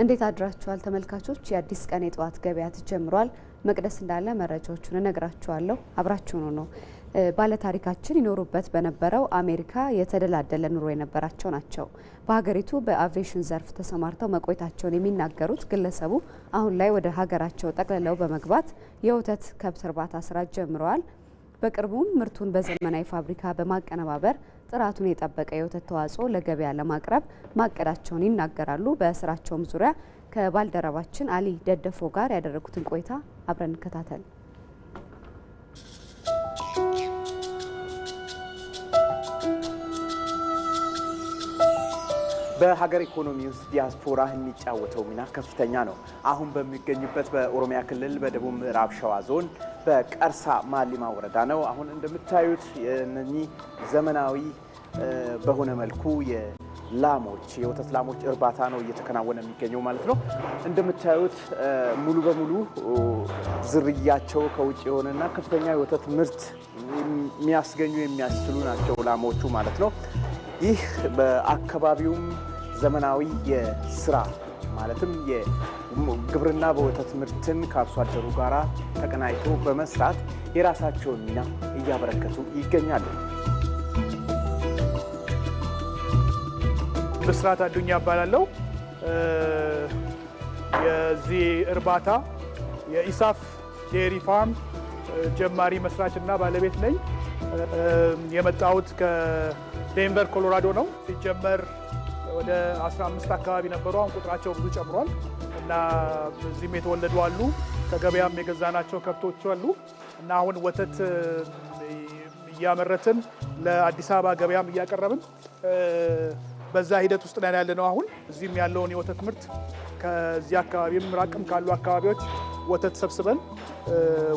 እንዴት አድራችኋል ተመልካቾች? የአዲስ ቀን የጠዋት ገበያ ተጀምሯል። መቅደስ እንዳለ መረጃዎቹን እነግራችኋለሁ። አብራችሁኑ ነው። ባለታሪካችን ይኖሩበት በነበረው አሜሪካ የተደላደለ ኑሮ የነበራቸው ናቸው። በሀገሪቱ በአቪዬሽን ዘርፍ ተሰማርተው መቆየታቸውን የሚናገሩት ግለሰቡ አሁን ላይ ወደ ሀገራቸው ጠቅልለው በመግባት የወተት ከብት እርባታ ስራ ጀምረዋል። በቅርቡም ምርቱን በዘመናዊ ፋብሪካ በማቀነባበር ጥራቱን የጠበቀ የወተት ተዋጽኦ ለገበያ ለማቅረብ ማቀዳቸውን ይናገራሉ። በስራቸውም ዙሪያ ከባልደረባችን አሊ ደደፎ ጋር ያደረጉትን ቆይታ አብረን እንከታተል። በሀገር ኢኮኖሚ ውስጥ ዲያስፖራ የሚጫወተው ሚና ከፍተኛ ነው። አሁን በሚገኝበት በኦሮሚያ ክልል በደቡብ ምዕራብ ሸዋ ዞን በቀርሳ ማሊማ ወረዳ ነው። አሁን እንደምታዩት እነኚህ ዘመናዊ በሆነ መልኩ የላሞች የወተት ላሞች እርባታ ነው እየተከናወነ የሚገኘው ማለት ነው። እንደምታዩት ሙሉ በሙሉ ዝርያቸው ከውጭ የሆነና ከፍተኛ የወተት ምርት የሚያስገኙ የሚያስችሉ ናቸው ላሞቹ ማለት ነው። ይህ በአካባቢውም ዘመናዊ የስራ ማለትም የግብርና በወተት ምርትን ከአርሶ አደሩ ጋር ተቀናይቶ በመስራት የራሳቸውን ሚና እያበረከቱ ይገኛሉ። ብስራት አዱኛ እባላለሁ። የዚህ እርባታ የኢሳፍ ዴሪ ፋርም ጀማሪ መስራች እና ባለቤት ነኝ። የመጣሁት ከዴንቨር ኮሎራዶ ነው። ሲጀመር ወደ 15 አካባቢ ነበሩ። አሁን ቁጥራቸው ብዙ ጨምሯል እና እዚህም የተወለዱ አሉ። ከገበያም የገዛናቸው ከብቶች አሉ እና አሁን ወተት እያመረትን ለአዲስ አበባ ገበያም እያቀረብን በዛ ሂደት ውስጥ ላይ ያለ ነው። አሁን እዚህም ያለውን የወተት ምርት ከዚህ አካባቢም ራቅም ካሉ አካባቢዎች ወተት ሰብስበን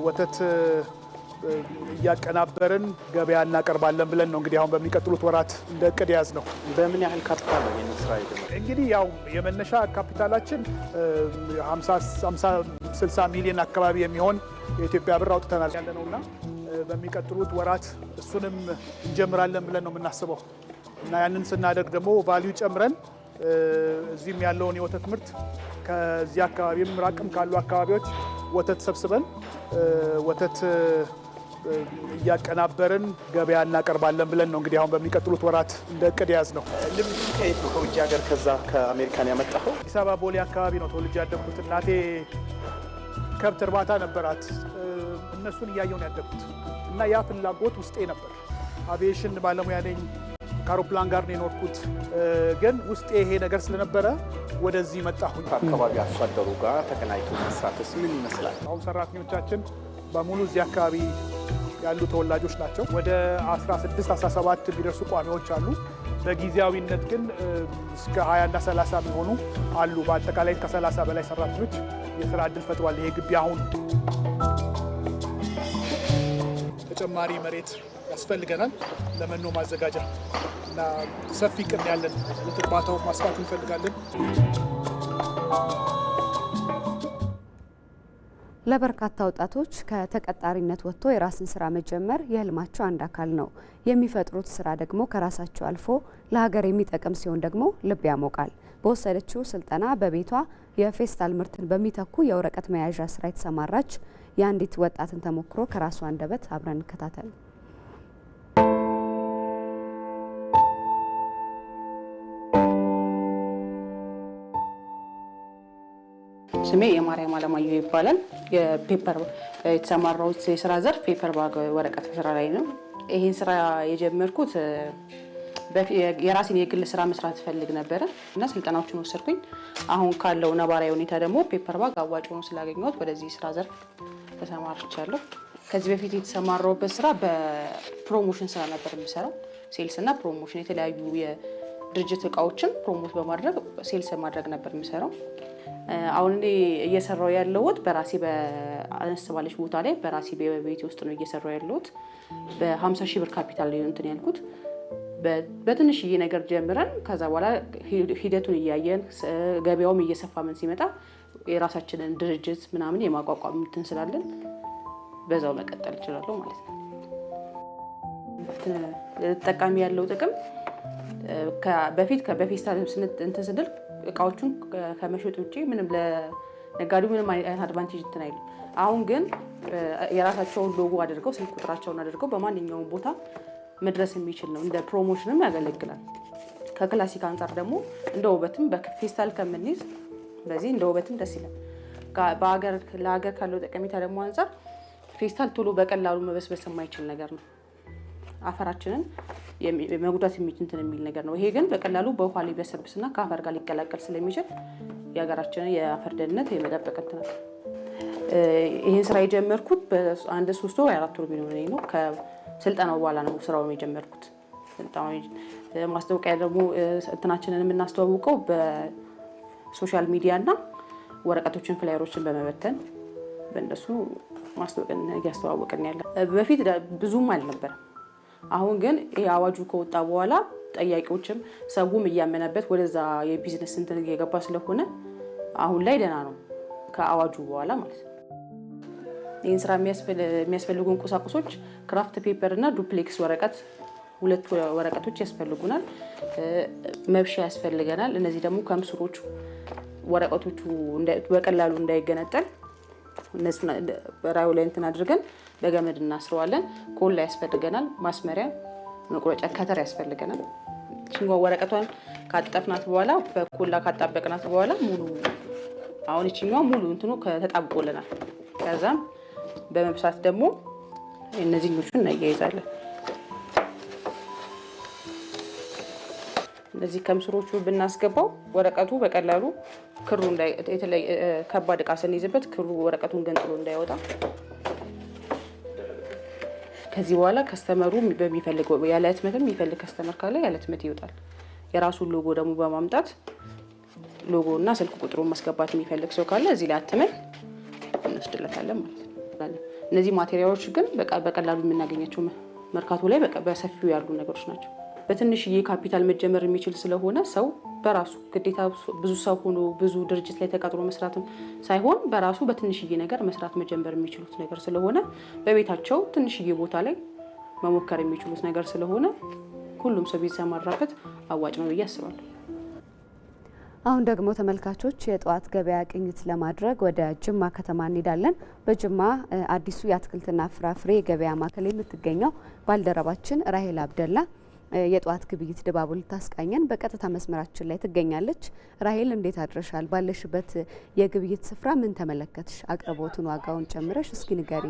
ወተት እያቀናበርን ገበያ እናቀርባለን ብለን ነው እንግዲህ አሁን በሚቀጥሉት ወራት እንደ እቅድ የያዝ ነው። በምን ያህል ካፒታል ነው ይህን ስራ እንግዲህ ያው የመነሻ ካፒታላችን 60 ሚሊዮን አካባቢ የሚሆን የኢትዮጵያ ብር አውጥተናል ያለ እና በሚቀጥሉት ወራት እሱንም እንጀምራለን ብለን ነው የምናስበው እና ያንን ስናደርግ ደግሞ ቫሊዩ ጨምረን እዚህም ያለውን የወተት ምርት ከዚህ አካባቢም ራቅም ካሉ አካባቢዎች ወተት ሰብስበን ወተት እያቀናበርን ገበያ እናቀርባለን ብለን ነው እንግዲህ አሁን በሚቀጥሉት ወራት እንደ እቅድ የያዝ ነው። ልምድ ከየት ነው? ከውጭ ሀገር ከዛ ከአሜሪካን ያመጣኸው? አዲስ አበባ ቦሌ አካባቢ ነው ተወልጄ ያደግኩት። እናቴ ከብት እርባታ ነበራት። እነሱን እያየው ነው ያደግኩት እና ያ ፍላጎት ውስጤ ነበር። አቪዬሽን ባለሙያ ነኝ። ከአውሮፕላን ጋር ነው የኖርኩት። ግን ውስጤ ይሄ ነገር ስለነበረ ወደዚህ መጣሁኝ። አካባቢ አርሶ አደሩ ጋር ተገናኝቶ መስራትስ ምን ይመስላል? አሁን ሰራተኞቻችን በሙሉ እዚህ አካባቢ ያሉ ተወላጆች ናቸው። ወደ 16 17 የሚደርሱ ቋሚዎች አሉ። በጊዜያዊነት ግን እስከ 20 እና 30 የሚሆኑ አሉ። በአጠቃላይ ከ30 በላይ ሰራተኞች የስራ እድል ፈጥሯል ይሄ ግቢ አሁን ተጨማሪ መሬት ያስፈልገናል ለመኖ ማዘጋጃ እና ሰፊ ቅም ያለን እርባታውን ማስፋት እንፈልጋለን። ለበርካታ ወጣቶች ከተቀጣሪነት ወጥቶ የራስን ስራ መጀመር የህልማቸው አንድ አካል ነው። የሚፈጥሩት ስራ ደግሞ ከራሳቸው አልፎ ለሀገር የሚጠቅም ሲሆን ደግሞ ልብ ያሞቃል። በወሰደችው ስልጠና በቤቷ የፌስታል ምርትን በሚተኩ የወረቀት መያዣ ስራ የተሰማራች የአንዲት ወጣትን ተሞክሮ ከራሱ አንደበት አብረን እንከታተል። ስሜ የማርያም አለማየሁ ይባላል። የፔፐር የተሰማራሁት የስራ ዘርፍ ፔፐር ባግ ወረቀት ስራ ላይ ነው። ይህን ስራ የጀመርኩት የራሴን የግል ስራ መስራት ፈልግ ነበረ እና ስልጠናዎችን ወሰድኩኝ። አሁን ካለው ነባራዊ ሁኔታ ደግሞ ፔፐር ባግ አዋጭ ሆኖ ስላገኘሁት ወደዚህ ስራ ዘርፍ ተሰማርቻለሁ። ከዚህ በፊት የተሰማራሁበት ስራ በፕሮሞሽን ስራ ነበር የምሰራው። ሴልስ እና ፕሮሞሽን የተለያዩ የድርጅት እቃዎችን ፕሮሞት በማድረግ ሴልስ ማድረግ ነበር የምሰራው። አሁን እኔ እየሰራው ያለሁት በራሴ በአነስ ባለች ቦታ ላይ በራሴ በቤት ውስጥ ነው እየሰራው ያለሁት። በሀምሳ ሺህ ብር ካፒታል እንትን ያልኩት በትንሽዬ ነገር ጀምረን ከዛ በኋላ ሂደቱን እያየን ገበያውም እየሰፋ ምን ሲመጣ የራሳችንን ድርጅት ምናምን የማቋቋም እንትን ስላለን በዛው መቀጠል እችላለሁ ማለት ነው። ተጠቃሚ ያለው ጥቅም በፊት በፌስታል እንትን ስንል እቃዎቹን ከመሸጥ ውጭ ምንም ለነጋዴው ምንም አይነት አድቫንቴጅ እንትን አይልም። አሁን ግን የራሳቸውን ሎጎ አድርገው ስልክ ቁጥራቸውን አድርገው በማንኛውም ቦታ መድረስ የሚችል ነው። እንደ ፕሮሞሽንም ያገለግላል። ከክላሲክ አንጻር ደግሞ እንደ ውበትም በፌስታል ከምንይዝ በዚህ እንደ ውበትም ደስ ይላል። ለሀገር ካለው ጠቀሜታ ደግሞ አንጻር ፌስታል ቶሎ በቀላሉ መበስበስ የማይችል ነገር ነው። አፈራችንን መጉዳት እንትን የሚል ነገር ነው። ይሄ ግን በቀላሉ በውሃ ሊበሰብስና ከአፈር ጋር ሊቀላቀል ስለሚችል የሀገራችንን የአፈር ደህንነት የመጠበቅ እንትን ነው። ይህን ስራ የጀመርኩት በአንድ ሶስት ወር አራት ወር ቢሆን ነው። ከስልጠናው በኋላ ነው ስራውን የጀመርኩት። ማስታወቂያ ደግሞ እንትናችንን የምናስተዋውቀው በሶሻል ሚዲያ እና ወረቀቶችን ፍላየሮችን በመበተን በእነሱ ማስታወቅን እያስተዋወቅን ያለ። በፊት ብዙም አልነበረም አሁን ግን ይህ አዋጁ ከወጣ በኋላ ጠያቂዎችም ሰውም እያመነበት ወደዛ የቢዝነስ እንትን እየገባ ስለሆነ አሁን ላይ ደህና ነው ከአዋጁ በኋላ ማለት ነው። ይህን ስራ የሚያስፈልጉን ቁሳቁሶች ክራፍት ፔፐር እና ዱፕሌክስ ወረቀት ሁለት ወረቀቶች ያስፈልጉናል። መብሻ ያስፈልገናል። እነዚህ ደግሞ ከምስሮቹ ወረቀቶቹ በቀላሉ እንዳይገነጠል እነሱን ራዩ ላይ እንትን አድርገን በገመድ እናስረዋለን። ኮላ ያስፈልገናል፣ ማስመሪያ መቁረጫ ከተር ያስፈልገናል። ሽንጓ ወረቀቷን ካጠፍናት በኋላ በኮላ ካጣበቅናት በኋላ ሙሉ አሁን ይችኛዋ ሙሉ እንትኑ ተጣብቆልናል። ከዛም በመብሳት ደግሞ እነዚህኞቹ እናያይዛለን። እንደዚህ ከምስሮቹ ብናስገባው ወረቀቱ በቀላሉ ክሩ ከባድ እቃ ስንይዝበት ክሩ ወረቀቱን ገንጥሎ እንዳይወጣ ከዚህ በኋላ ከስተመሩ በሚፈልግ ያለ ህትመት የሚፈልግ ከስተመር ካለ ያለ ህትመት ይወጣል። የራሱን ሎጎ ደግሞ በማምጣት ሎጎ እና ስልክ ቁጥሩን ማስገባት የሚፈልግ ሰው ካለ እዚህ ላይ አትመን እንወስድለታለን ማለት ነው። እነዚህ ማቴሪያሎች ግን በቀላሉ የምናገኛቸው መርካቶ ላይ በሰፊው ያሉ ነገሮች ናቸው። በትንሽዬ ካፒታል መጀመር የሚችል ስለሆነ ሰው በራሱ ግዴታ ብዙ ሰው ሆኖ ብዙ ድርጅት ላይ ተቀጥሮ መስራትም ሳይሆን በራሱ በትንሽዬ ነገር መስራት መጀመር የሚችሉት ነገር ስለሆነ በቤታቸው ትንሽዬ ቦታ ላይ መሞከር የሚችሉት ነገር ስለሆነ ሁሉም ሰው ቢሰማራበት አዋጭ ነው ብዬ አስባለሁ። አሁን ደግሞ ተመልካቾች የጠዋት ገበያ ቅኝት ለማድረግ ወደ ጅማ ከተማ እንሄዳለን። በጅማ አዲሱ የአትክልትና ፍራፍሬ ገበያ ማዕከል የምትገኘው ባልደረባችን ራሄል አብደላ የጠዋት ግብይት ድባቡ ልታስቃኘን በቀጥታ መስመራችን ላይ ትገኛለች። ራሄል እንዴት አድረሻል? ባለሽበት የግብይት ስፍራ ምን ተመለከትሽ? አቅርቦቱን፣ ዋጋውን ጨምረሽ እስኪ ንገሪ።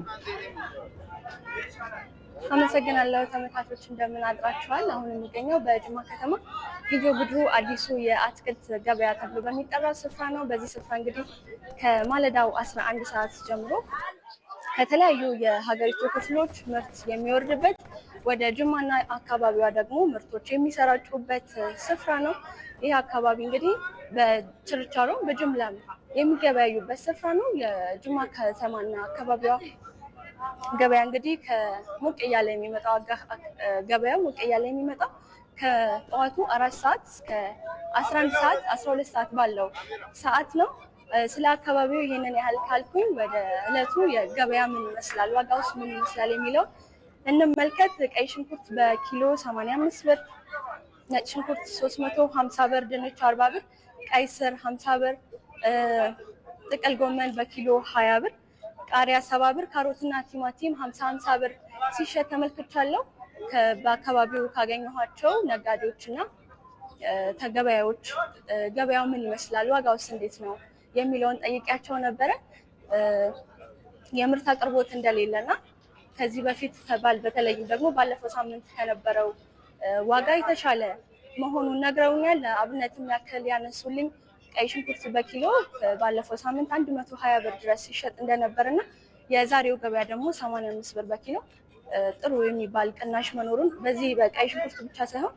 አመሰግናለሁ። ተመልካቾች እንደምን አድራችኋል? አሁን የሚገኘው በጅማ ከተማ ጊዜው ብድሩ አዲሱ የአትክልት ገበያ ተብሎ በሚጠራው ስፍራ ነው። በዚህ ስፍራ እንግዲህ ከማለዳው 11 ሰዓት ጀምሮ ከተለያዩ የሀገሪቱ ክፍሎች ምርት የሚወርድበት ወደ ጅማና አካባቢዋ ደግሞ ምርቶች የሚሰራጩበት ስፍራ ነው። ይህ አካባቢ እንግዲህ በችርቻሮ በጅምላ የሚገበያዩበት ስፍራ ነው። የጅማ ከተማና አካባቢዋ ገበያ እንግዲህ ከሞቅ እያለ የሚመጣው ገበያ ሞቅ እያለ የሚመጣው ከጠዋቱ አራት ሰዓት እስከ አስራ አንድ ሰዓት አስራ ሁለት ሰዓት ባለው ሰዓት ነው። ስለ አካባቢው ይህንን ያህል ካልኩኝ ወደ እለቱ የገበያ ምን ይመስላል፣ ዋጋውስ ምን ይመስላል የሚለው እንመልከት። ቀይ ሽንኩርት በኪሎ 85 ብር፣ ነጭ ሽንኩርት 350 ብር፣ ድንች 40 ብር፣ ቀይ ስር 50 ብር፣ ጥቅል ጎመን በኪሎ 20 ብር፣ ቃሪያ 70 ብር፣ ካሮትና ቲማቲም 50 50 ብር ሲሸጥ ተመልክቻለሁ። በአካባቢው ካገኘኋቸው ነጋዴዎችና ተገበያዎች ገበያው ምን ይመስላል፣ ዋጋውስ እንዴት ነው የሚለውን ጠይቄያቸው ነበረ። የምርት አቅርቦት እንደሌለና ከዚህ በፊት ከባል በተለይ ደግሞ ባለፈው ሳምንት ከነበረው ዋጋ የተሻለ መሆኑን ነግረውኛል። ለአብነት የሚያክል ያነሱልኝ ቀይ ሽንኩርት በኪሎ ባለፈው ሳምንት 120 ብር ድረስ ሲሸጥ እና የዛሬው ገበያ ደግሞ 85 ብር በኪሎ ጥሩ የሚባል ቅናሽ መኖሩን በዚህ በቀይ ሽንኩርት ብቻ ሳይሆን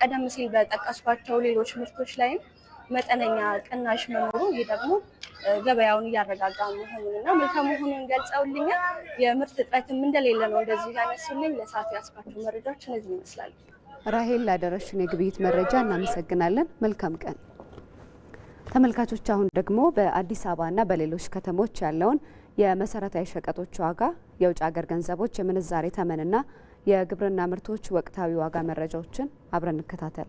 ቀደም ሲል በጠቀስኳቸው ሌሎች ምርቶች ላይም መጠነኛ ቅናሽ መኖሩ ይህ ደግሞ ገበያውን እያረጋጋ መሆኑን እና መልካም መሆኑን ገልጸውልኛል። የምርት እጥረትም እንደሌለ ነው እንደዚህ ያነሱልኝ። ለሰዓቱ ያስኳቸው መረጃዎች እነዚህ ይመስላሉ። ራሄል ላደረሽን የግብይት መረጃ እናመሰግናለን። መልካም ቀን ተመልካቾች። አሁን ደግሞ በአዲስ አበባና በሌሎች ከተሞች ያለውን የመሰረታዊ ሸቀጦች ዋጋ፣ የውጭ ሀገር ገንዘቦች የምንዛሬ ተመንና የግብርና ምርቶች ወቅታዊ ዋጋ መረጃዎችን አብረን እንከታተል።